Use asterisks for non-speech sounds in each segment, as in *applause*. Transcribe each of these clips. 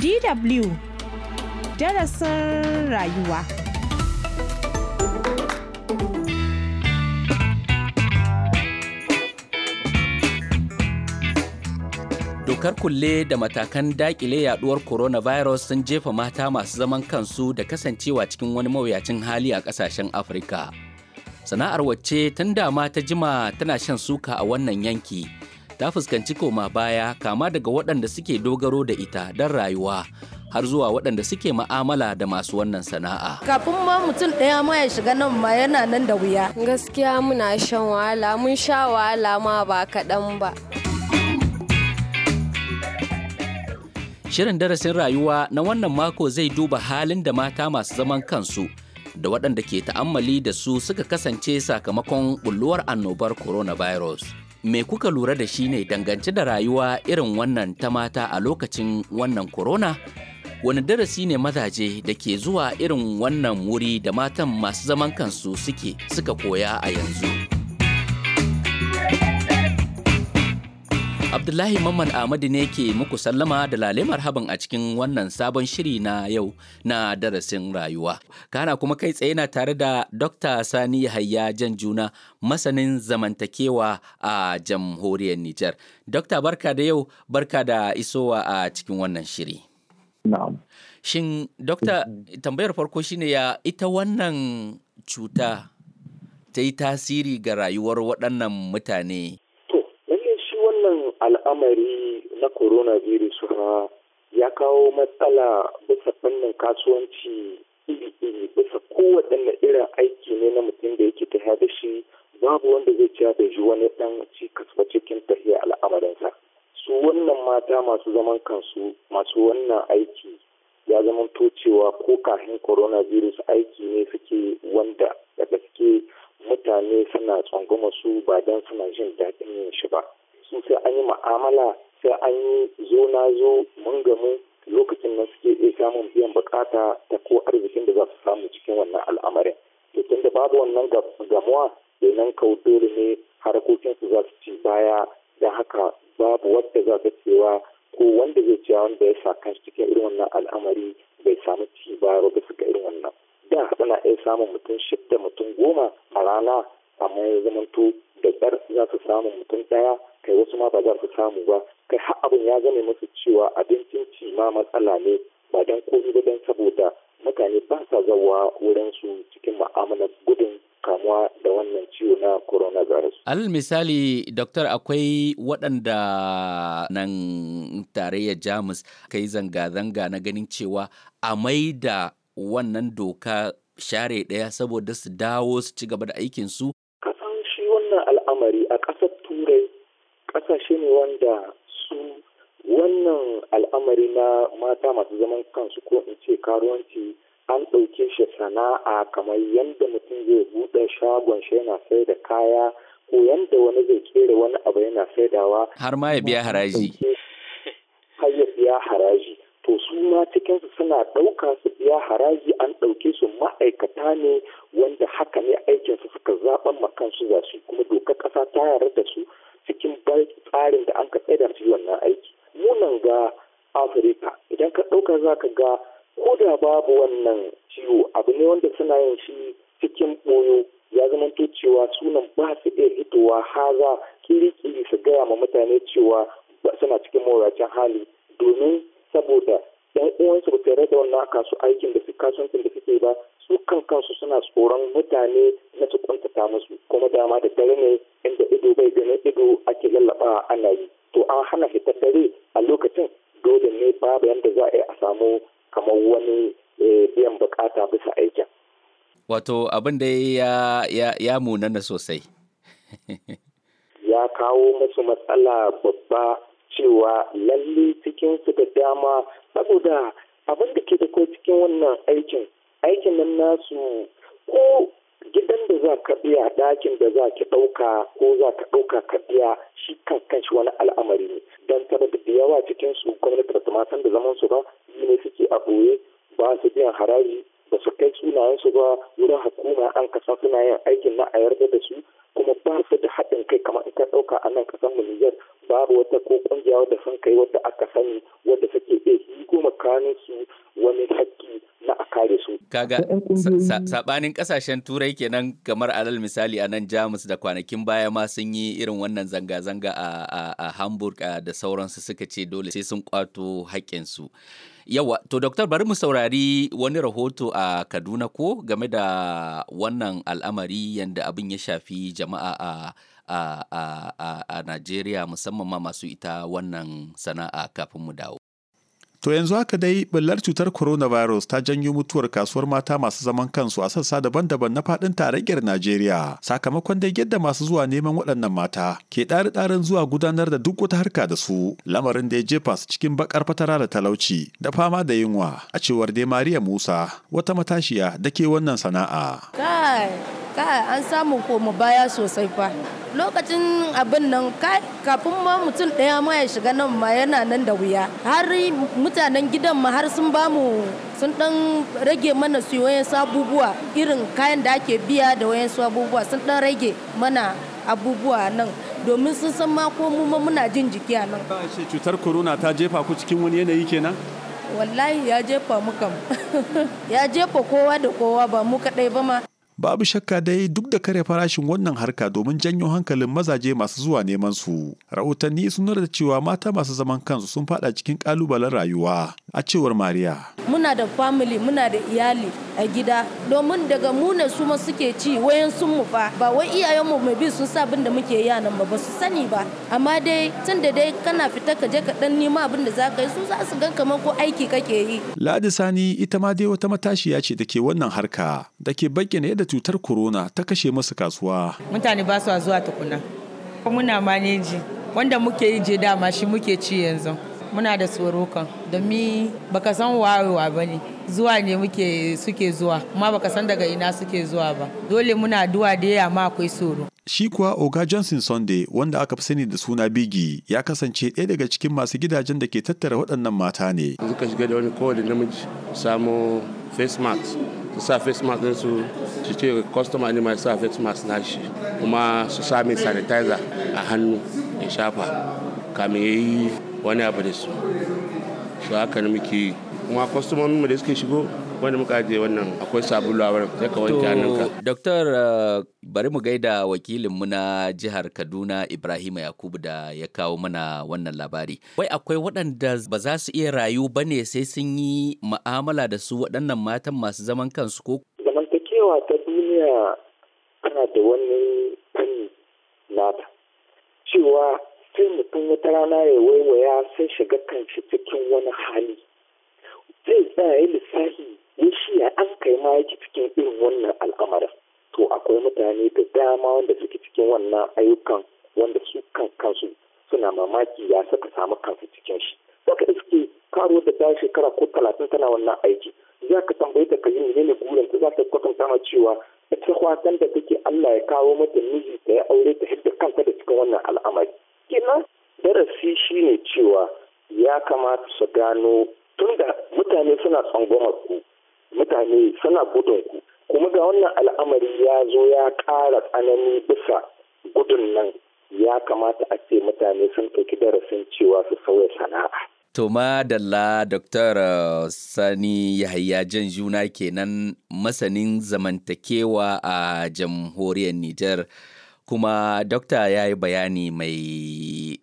DW darasin rayuwa. Dokar kulle da matakan dakile yaduwar coronavirus sun jefa mata masu zaman kansu da kasancewa cikin wani mawuyacin hali a kasashen Afirka. Sana'ar wacce tun dama ta jima tana shan suka a wannan yanki. ta fuskanci koma baya kama daga waɗanda suke dogaro da ita don rayuwa har zuwa waɗanda suke ma'amala da masu wannan sana'a. Kafin ma mutum ɗaya ma ya shiga nan ma yana nan da wuya. Gaskiya muna shan wahala, mun sha wahala ma ba kaɗan ba. Shirin darasin rayuwa na wannan mako zai duba halin da mata masu zaman kansu da waɗanda ke ta'ammali da su suka kasance sakamakon bulluwar annobar coronavirus. me kuka lura da shi ne dangance da rayuwa irin wannan ta mata a lokacin wannan corona? Wani darasi ne mazaje da ke zuwa irin wannan wuri da matan masu zaman kansu suke suka koya a yanzu? Abdullahi Mamman Ahmadu ne ke muku sallama da lale marhaban a cikin wannan sabon shiri na yau na darasin rayuwa. Kana kuma kai tsaye na tare da Dr. Sani Hayya Jan Juna masanin zamantakewa a jamhuriyar Nijar. Dr. barka da yau barka da isowa a cikin wannan shiri. Shin Dokta mm-hmm. tambayar farko shine ya ita wannan cuta ta yi tasiri ga rayuwar waɗannan mutane al'amari na coronavirus ha ya kawo matsala bisa fannin kasuwanci iri-iri bisa kowaɗanne irin aiki ne na mutum da yake tafiya da shi babu wanda zai ci da shi wani ɗan cikas ba cikin tafiya al'amarinsa su wannan mata masu zaman kansu masu wannan aiki ya zama to cewa ko kafin coronavirus aiki ne suke wanda da gaske mutane suna tsangwama su ba don suna jin daɗin yin shi ba su sai an yi ma'amala sai an yi zo na zo mun gamu lokacin na suke iya samun biyan bukata ta ko arzikin da za su samu cikin wannan al'amarin to tun da babu wannan gamuwa kenan kau dole ne harkokinsu za su ci baya da haka babu wadda za ta cewa ko wanda zai cewa wanda ya sa kan cikin irin wannan al'amari bai samu ci baya ba suka ga irin wannan da na iya samun mutum shidda mutum goma a rana amma ya zamanto da ƙyar za su samu mutum ɗaya kai wasu ma ba za su samu ba kai har abin ya zame musu cewa abincin ci ma matsala ne ba dan komai ba dan saboda mutane ba sa zawa wurin su cikin ma'amala gudun kamuwa da wannan ciwo na coronavirus. Alal misali, Doktor, akwai waɗanda nan tarayyar Jamus kai zanga-zanga na ganin cewa a da wannan doka share ɗaya saboda su dawo su ci gaba da aikinsu wanda su wannan al'amari na mata masu zaman kansu ko in ce karuwanci an ɗauke shi sana'a kamar yadda mutum zai buɗe shagon shi yana sai da kaya ko yadda wani zai kera wani abu yana saidawa har ma ya biya haraji *laughs* har ya biya haraji to su ma cikinsu suna ɗauka su biya haraji an ɗauke su ma'aikata ne wanda haka ne aikinsu suka zaɓan ma kansu za su kuma dokar ƙasa ta yarda da su cikin tsarin da an ka tsaye da su wannan aiki munan ga afirka idan ka ɗauka za ka ga ko da babu wannan ciwo abu ne wanda suna yin shi cikin ɓoyo ya zama cewa sunan ba su iya hitowa haza kiri-kiri su gaya ma mutane cewa suna cikin mawuyacin hali domin saboda yan uwansu ba tare da wannan kasu aikin da su kasuwancin da suke ba su kan kansu suna tsoron mutane na su kwantata musu kuma dama da dare ne inda ido bai gani ido ake lallaba ana yi to an hana fitar dare a lokacin dole ne babu yadda za a yi a samu kamar wani eh, biyan bukata bisa aikin wato abin da ya ya munana sosai ya kawo musu matsala babba cewa lalle cikin su da dama saboda abin da ke da kai cikin wannan aikin aikin nan nasu ko gidan da za ka biya ɗakin da za ki ɗauka ko za ka ɗauka ka biya shi kan kanshi wani al'amari ne don tana da yawa cikin su gwamnati ba ma san da zaman su ba yi ne suke a ɓoye ba su biyan haraji ba su kai sunayen su ba wurin hukuma an kasa suna yin aikin na a yarda da su kuma ba su da haɗin kai kamar in ka ɗauka a nan kasan mu Nijar babu wata ko ƙungiya wadda sun kai wadda aka sani wadda ɗaya iya yi goma kanin su wani haƙƙi kamata a kare su. Kaga sabanin kasashen turai kenan kamar alal misali a nan Jamus da kwanakin baya ma sun yi irin wannan zanga-zanga a Hamburg da sauransu suka ce dole sai sun kwato haƙƙinsu. Yawa, to Doktor bari mu saurari wani rahoto a Kaduna ko game da wannan al'amari yadda abin ya shafi jama'a a a, a Najeriya musamman ma masu ita wannan sana'a kafin mu dawo. To yanzu haka dai ɓullar cutar coronavirus ta janyo mutuwar kasuwar mata masu zaman kansu a sassa daban-daban na faɗin tarayyar Najeriya. Sakamakon dai yadda masu zuwa neman waɗannan mata ke ɗari ɗarin zuwa gudanar da duk wata harka da su, lamarin da ya jefa su cikin bakar fatara da talauci da fama da yunwa a cewar dai Mariya Musa wata matashiya da ke wannan sana'a. ka an samu koma baya sosai fa lokacin abin nan kafin ma mutum ɗaya ma ya shiga nan ma yana nan da wuya har mutanen gidan ma har sun bamu sun dan rage mana su wayan abubuwa irin kayan da ake biya da wayan abubuwa sun dan rage mana abubuwa nan domin sun san ma ko mu muna jin jiki a nan. ce cutar corona ta jefa ku cikin wani yanayi kenan? Wallahi ya jefa mu kam. *laughs* ya jefa kowa da kowa ba mu kaɗai ba ma. babu shakka dai duk da kare farashin wannan harka domin janyo hankalin mazaje masu zuwa neman su rahotanni sun nuna cewa mata masu zaman kansu sun fada cikin kalubalen rayuwa a cewar mariya muna da family muna da iyali a gida domin daga mu ne su suke ci wayan sun mu fa ba wai iyayen mu mai bi sun sa abin da muke nan ba ba su sani ba amma dai tun dai kana fita ka je ka dan nima abin da zaka yi su za su gan kamar ko aiki kake yi ladi sani ita ma dai wata matashiya ce da ke wannan harka da ke bayyana yadda cutar corona ta kashe masu kasuwa. Mutane ba su zuwa tukuna. Muna maneji wanda muke yi je dama shi muke ci yanzu. Muna da tsoro kan domi baka san wawewa ba ne zuwa ne muke suke zuwa amma baka san daga ina suke zuwa ba dole muna duwa da ya ma akwai tsoro. Shi kuwa Oga Johnson Sunday wanda aka fi sani da suna Bigi ya kasance ɗaya daga cikin masu gidajen da ke tattara waɗannan mata ne. Suka shiga da wani kowane namiji samu face mask surface mask din su ce customer ne ma surface mask na shi kuma su sa sanitizer a hannu ya shafa kamin ya yi wani abu da su shi haka muke kuma kwastomomin mu da suke shigo wani muka je wannan akwai sabulu a wurin sai ka wanke Doktor eh, bari mu gaida wakilin mu na jihar Kaduna Ibrahim Yakubu da ya kawo mana wannan labari. Wai akwai waɗanda ba za su iya rayu ba ne sai sun yi ma'amala da su waɗannan matan masu zaman kansu ko? Zamantakewa ta duniya tana da wani nata. Cewa sai mutum wata rana ya waiwaya sai shiga kanshi cikin wani hali. zai tsaya ya lissafi in shi ya ma yake cikin irin wannan al'amarin to akwai mutane da dama wanda suke cikin wannan ayyukan wanda su kan kansu suna mamaki ya saka samu kansu cikin shi saka suke karo da ta shekara ko talatin tana wannan aiki za ka tambayi ta kayi ne ne gurin ta za ta kwatanta ma cewa ita kwatan da take Allah ya kawo mata miji ta ya aure ta hidda kanta da cikin wannan al'amari kina darasi ne cewa ya kamata su gano tunda mutane suna tsangwamar ku mutane suna gudun ku kuma ga wannan al'amari ya zo ya ƙara tsanani bisa gudun nan ya kamata a ce mutane sun ɗauki darasin cewa su sauya sana'a. To madalla Dr. Uh, Sani Yahaya Jan Juna kenan masanin zamantakewa a jamhuriyar Nijar. Kuma Dokta ya yi bayani mai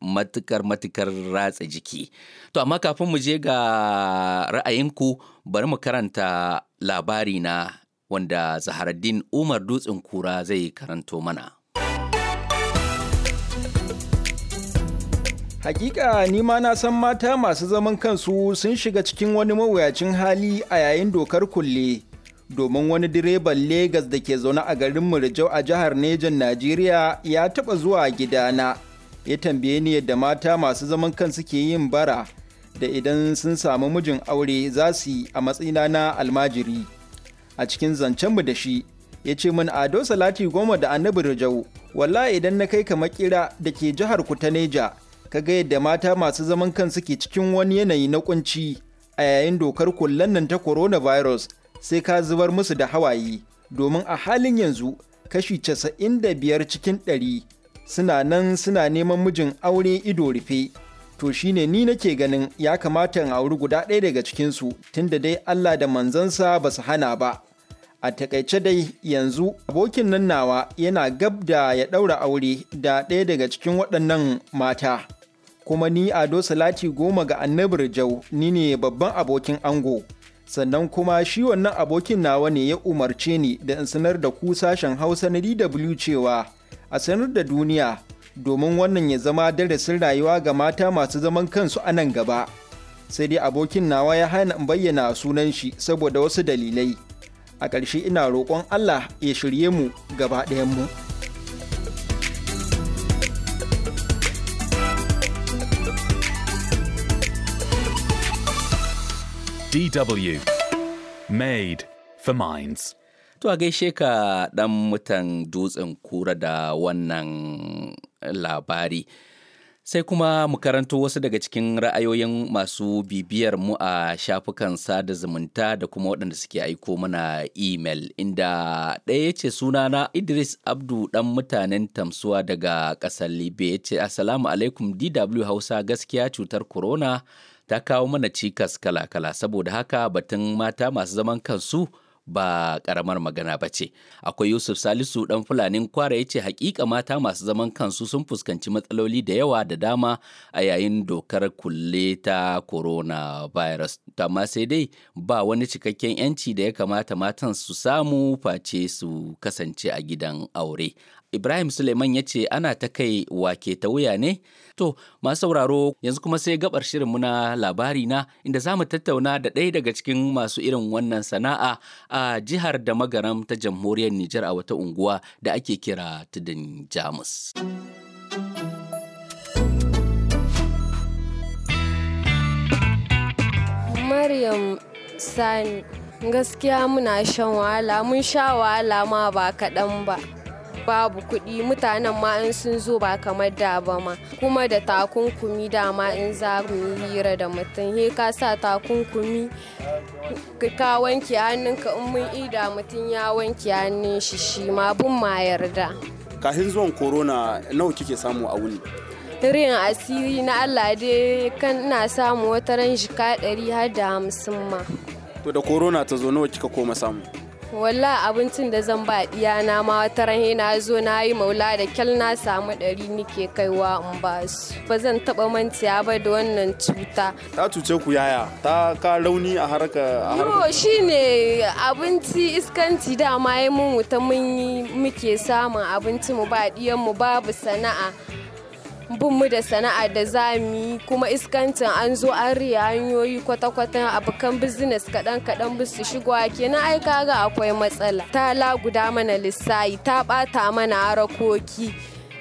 matukar matukar ratsa jiki. To amma kafin mu je ga ra'ayinku bari mu karanta labari na wanda zaharaddin umar dutsen kura zai karanto mana Hakika ni ma na san mata masu zaman kansu sun shiga cikin wani mawuyacin hali a yayin dokar kulle. Domin wani direban Legas da ke zaune a garin Murjau a jihar Nejan Najeriya ya taɓa zuwa gidana. Ya tambaye ni yadda mata masu zaman kansu ke yin bara da idan sun samu mijin aure za su yi a matsina na almajiri a cikin zancenmu da shi ya ce min ado salati goma da annabi rajau walla idan na kai ka makira da ke jihar Kutaneja. ka ga yadda mata masu zaman kansu ke cikin wani yanayi na kunci a yayin dokar kullan nan ta coronavirus sai ka zubar musu da hawaye domin a halin yanzu kashi casa'in da biyar cikin ɗari suna nan suna neman mijin aure ido rufe to shine ni nake ganin ya kamata in auri guda ɗaya daga cikinsu tunda dai Allah da manzansa ba su hana ba. A takaice dai yanzu abokin nan nawa yana gab da ya ɗaura aure da ɗaya daga cikin waɗannan mata. Kuma ni Ado Salati goma ga annabi jau ni ne babban abokin ango. Sannan kuma shi wannan abokin nawa ne ya umarce ni da in sanar da ku sashen Hausa na DW cewa a sanar da duniya domin wannan ya zama darasin rayuwa ga mata masu zaman kansu a nan gaba sai dai abokin nawa ya hana bayyana sunan shi saboda wasu dalilai a ƙarshe ina roƙon allah ya shirye mu gaba ɗayan mu. DW Made for Minds. To a gaishe ka ɗan mutan dutsen kura da wannan labari. Sai kuma mu karanto wasu daga cikin ra'ayoyin masu bibiyar mu a shafukan sada zumunta da kuma waɗanda suke aiko mana imel inda ɗaya ya ce sunana Idris Abdu ɗan mutanen tamsuwa daga ƙasar Libya ya ce Assalamu alaikum DW Hausa gaskiya cutar corona ta kawo mana cikas kala-kala saboda haka batun mata masu zaman kansu ba karamar magana ba ce. Akwai Yusuf Salisu ɗan Fulanin Kwara ya ce hakika mata masu zaman kansu sun fuskanci matsaloli da yawa da dama a yayin dokar kulle ta coronavirus. Amma sai dai ba wani cikakken 'yanci da ya kamata matan su samu face su kasance a gidan aure. Ibrahim Suleiman ya ce ana ta kai wake ta wuya ne? To, masu sauraro yanzu kuma sai gabar shirinmu na labari na inda za mu tattauna da ɗaya daga cikin masu irin wannan sana'a a jihar da magaram ta jamhuriyar Nijar a wata unguwa da ake kira tudun Jamus. Maryam Sani gaskiya muna shan wahala mun sha wahala ma ba kaɗan ba. babu kuɗi mutanen ma in sun zo ba kamar da ba ma kuma da takunkumi ma in za mu yi hira da mutum he ka sa takunkumi ka wanke hannunka in mun ida mutum ya wanke hannun shi shi ma bin ma yarda kafin zuwan corona nawa kike samu a wuni rin asiri na allah dai kan ina samu wata ran jika ɗari har da hamsin ma to da corona ta zo nawa kika koma samu Walla abincin da zan ba na ma wata rahe na zo na yi maula da kyal na samu ɗari nike kaiwa in ba su. Ba zan taɓa manciya ba da wannan cuta. Ta cuce ku yaya? Ta ka rauni a harka? Yo shi ne abinci iskanci dama ya mun wuta mun yi muke samun abinci mu ba mu babu sana'a. bin da sana'a da za mu yi kuma iskancin an zo an riya hanyoyi kwata-kwata abokan business kaɗan-kaɗan bisu shigowa kenan ai kaga akwai matsala ta laguda mana lissayi ta ɓata mana harakoki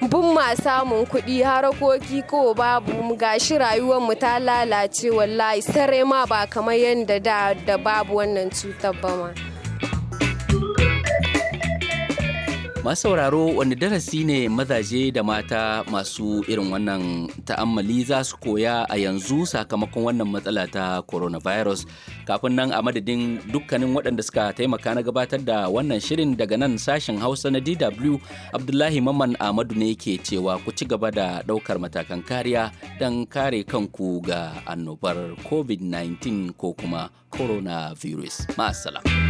bin ma samun kuɗi harakoki ko babu gashi rayuwar mu ta lalace wallahi sare ma ba kamar yadda da babu wannan cutar ba ma. Masu sauraro wani darasi ne mazaje da mata masu irin wannan ta'ammali za su koya a yanzu sakamakon wannan matsala ta coronavirus. Kafin nan a madadin dukkanin waɗanda suka taimaka na gabatar da wannan shirin daga nan sashen Hausa na DW Abdullahi Maman Ahmadu ne ke cewa ku ci gaba da ɗaukar matakan kariya don kare kanku ga annobar COVID-19 ko kuma coronavirus. Ma'asala.